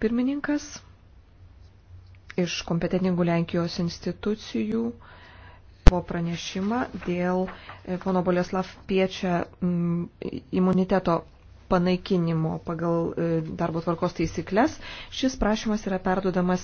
Pirmininkas iš kompetentingų Lenkijos institucijų buvo pranešimą dėl e, pono Boleslav Piečia mm, imuniteto panaikinimo pagal e, darbo tvarkos taisyklės. Šis prašymas yra perduodamas